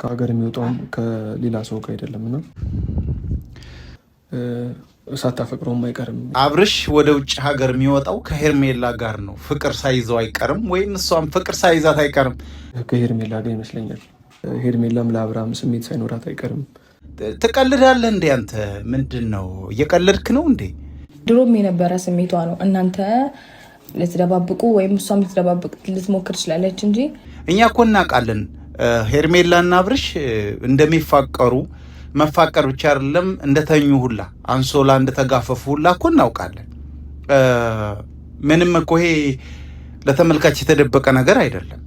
ከሀገር የሚወጣውም ከሌላ ሰው ጋር አይደለም እና ሳታፈቅረውም አይቀርም። አብርሽ ወደ ውጭ ሀገር የሚወጣው ከሄርሜላ ጋር ነው። ፍቅር ሳይዘው አይቀርም ወይም እሷም ፍቅር ሳይዛት አይቀርም ከሄርሜላ ጋር ይመስለኛል። ሄርሜላም ለአብርሃም ስሜት ሳይኖራት አይቀርም። ትቀልዳለህ እንዴ አንተ? ምንድን ነው እየቀለድክ ነው እንዴ? ድሮም የነበረ ስሜቷ ነው። እናንተ ልትደባብቁ ወይም እሷም ልትደባብቅ ልትሞክር ትችላለች እንጂ እኛ እኮ እናውቃለን። ሄርሜላና ብርሽ እንደሚፋቀሩ መፋቀር ብቻ አይደለም እንደተኙ ሁላ አንሶላ እንደተጋፈፉ ሁላ እኮ እናውቃለን። ምንም እኮ ይሄ ለተመልካች የተደበቀ ነገር አይደለም።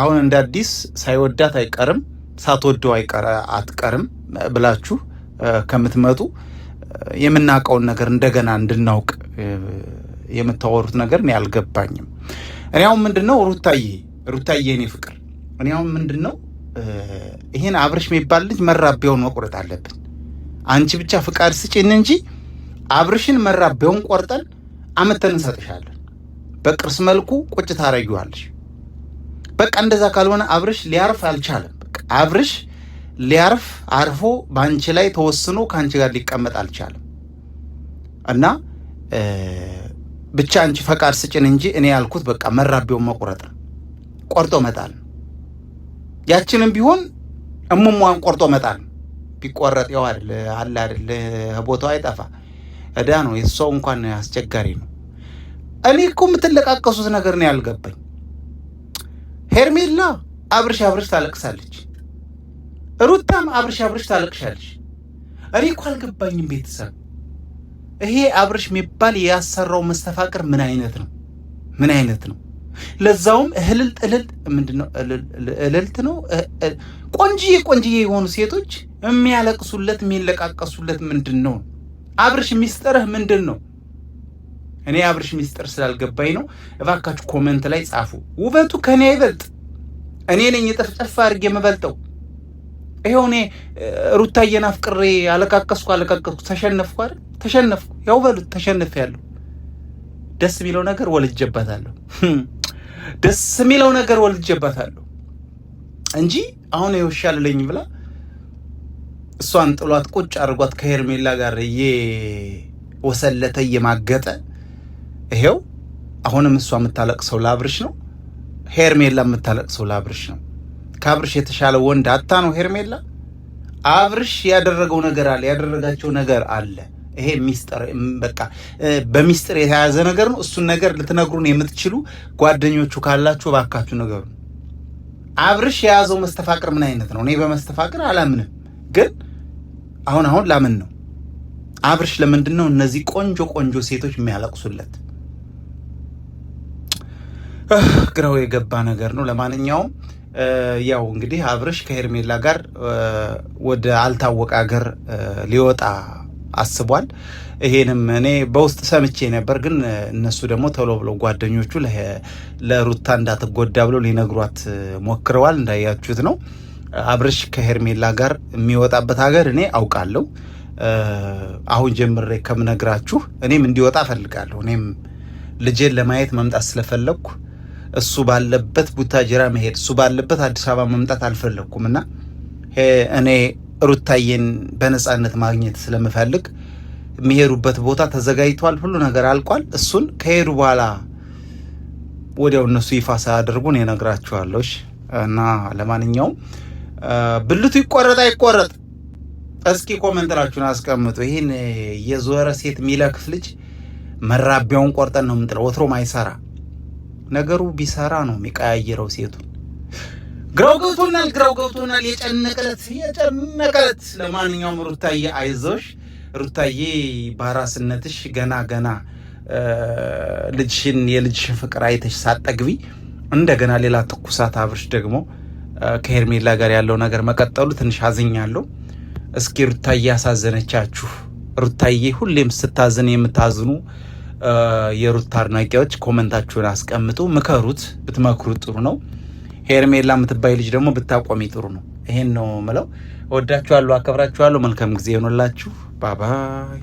አሁን እንደ አዲስ ሳይወዳት አይቀርም ሳትወደው አትቀርም ብላችሁ ከምትመጡ የምናውቀውን ነገር እንደገና እንድናውቅ የምታወሩት ነገር እኔ አልገባኝም። እኔ አሁን ምንድን ነው ሩታዬ ሩታዬ እኔ ፍቅር እኔ አሁን ምንድን ነው ይሄን አብርሽ የሚባል ልጅ መራቢያውን መቁረጥ አለብን። አንቺ ብቻ ፍቃድ ስጭን እንጂ አብርሽን መራቢያውን ቆርጠን አመተን እንሰጥሻለን። በቅርስ መልኩ ቁጭ ታረጊዋለሽ። በቃ እንደዛ ካልሆነ አብርሽ ሊያርፍ አልቻለም። አብርሽ ሊያርፍ አርፎ በአንቺ ላይ ተወስኖ ከአንቺ ጋር ሊቀመጥ አልቻለም እና ብቻ አንቺ ፈቃድ ስጭን እንጂ እኔ ያልኩት በቃ መራቢውን መቁረጥ ነው፣ ቆርጦ መጣል ያችንም ቢሆን እሙሟን ቆርጦ መጣል ቢቆረጥ ያው አይደል አለ አይደል ቦታው አይጠፋ እዳ ነው። የሰው እንኳን አስቸጋሪ ነው። እኔ እኮ የምትለቃቀሱት ነገር ነው ያልገባኝ። ሄርሜላ አብርሽ አብርሽ ታለቅሳለች፣ ሩታም አብርሽ አብርሽ ታለቅሻለች። እኔ እኮ አልገባኝም። ቤተሰብ ይሄ አብርሽ የሚባል ያሰራው መስተፋቅር ምን አይነት ነው? ምን አይነት ነው? ለዛውም እህልል ጥልል ምንድነው? እልልት ነው። ቆንጅዬ ቆንጅዬ የሆኑ ሴቶች የሚያለቅሱለት የሚለቃቀሱለት ምንድን ነው? አብርሽ ሚስጥርህ ምንድን ነው? እኔ አብርሽ ሚስጥር ስላልገባኝ ነው። እባካችሁ ኮመንት ላይ ጻፉ። ውበቱ ከኔ አይበልጥ፣ እኔ ነኝ የጠፍጠፍ አድርጌ የምበልጠው። ይኸው እኔ ሩታዬን አፍቅሬ አለቃቀስኩ አለቃቀስኩ፣ ተሸነፍኩ አይደል? ተሸነፍኩ። ያው በሉት ያለው ደስ የሚለው ነገር ወልጄበታለሁ። ደስ የሚለው ነገር ወልጄባታለሁ እንጂ አሁን የውሻ ልለኝ ብላ እሷን ጥሏት ቁጭ አድርጓት ከሄርሜላ ጋር እየወሰለተ እየማገጠ ይሄው አሁንም እሷ የምታለቅሰው ለአብርሽ ነው። ሄርሜላ የምታለቅሰው ለአብርሽ ነው። ከአብርሽ የተሻለ ወንድ አታ ነው ሄርሜላ። አብርሽ ያደረገው ነገር አለ፣ ያደረጋቸው ነገር አለ። ይሄ ሚስጥር በቃ በሚስጥር የተያዘ ነገር ነው። እሱን ነገር ልትነግሩን የምትችሉ ጓደኞቹ ካላችሁ እባካችሁ ነገሩ። አብርሽ የያዘው መስተፋቅር ምን አይነት ነው? እኔ በመስተፋቅር አላምንም፣ ግን አሁን አሁን ላምን ነው። አብርሽ ለምንድን ነው እነዚህ ቆንጆ ቆንጆ ሴቶች የሚያለቅሱለት? ግራው የገባ ነገር ነው። ለማንኛውም ያው እንግዲህ አብርሽ ከሄርሜላ ጋር ወደ አልታወቀ ሀገር ሊወጣ አስቧል። ይሄንም እኔ በውስጥ ሰምቼ ነበር፣ ግን እነሱ ደግሞ ቶሎ ብለው ጓደኞቹ ለሩታ እንዳትጎዳ ብለው ሊነግሯት ሞክረዋል። እንዳያችሁት ነው አብርሽ ከሄርሜላ ጋር የሚወጣበት ሀገር እኔ አውቃለሁ። አሁን ጀምሬ ከምነግራችሁ እኔም እንዲወጣ እፈልጋለሁ። እኔም ልጄን ለማየት መምጣት ስለፈለግኩ እሱ ባለበት ቡታጅራ መሄድ እሱ ባለበት አዲስ አበባ መምጣት አልፈለግኩም እና እኔ ሩታዬን በነፃነት ማግኘት ስለምፈልግ የሚሄዱበት ቦታ ተዘጋጅቷል፣ ሁሉ ነገር አልቋል። እሱን ከሄዱ በኋላ ወዲያው እነሱ ይፋ ሳያደርጉ እኔ እነግራችኋለሁ። እና ለማንኛውም ብልቱ ይቆረጥ አይቆረጥ እስኪ ኮመንትራችሁን አስቀምጡ። ይህን የዞረ ሴት የሚለክፍ ልጅ መራቢያውን ቆርጠን ነው የምንጥለው። ወትሮም አይሰራ ነገሩ ቢሰራ ነው የሚቀያየረው ሴቱ ግራው ገብቶናል፣ ግራው ገብቶናል። የጨነቀለት የጨነቀለት። ለማንኛውም ሩታዬ አይዞሽ፣ ሩታዬ ባራስነትሽ ገና ገና ልጅሽን የልጅሽን ፍቅር አይተሽ ሳጠግቢ እንደገና ሌላ ትኩሳት አብርሽ ደግሞ ከሄርሜላ ጋር ያለው ነገር መቀጠሉ ትንሽ አዝኛለሁ። እስኪ ሩታዬ ያሳዘነቻችሁ፣ ሩታዬ ሁሌም ስታዝን የምታዝኑ የሩታ አድናቂዎች ኮመንታችሁን አስቀምጡ፣ ምከሩት፣ ብትመክሩት ጥሩ ነው። ሄርሜላ የምትባይ ልጅ ደግሞ ብታቆሚ ጥሩ ነው። ይሄን ነው ምለው። እወዳችኋለሁ፣ አከብራችኋለሁ። መልካም ጊዜ ይሆንላችሁ። ባባይ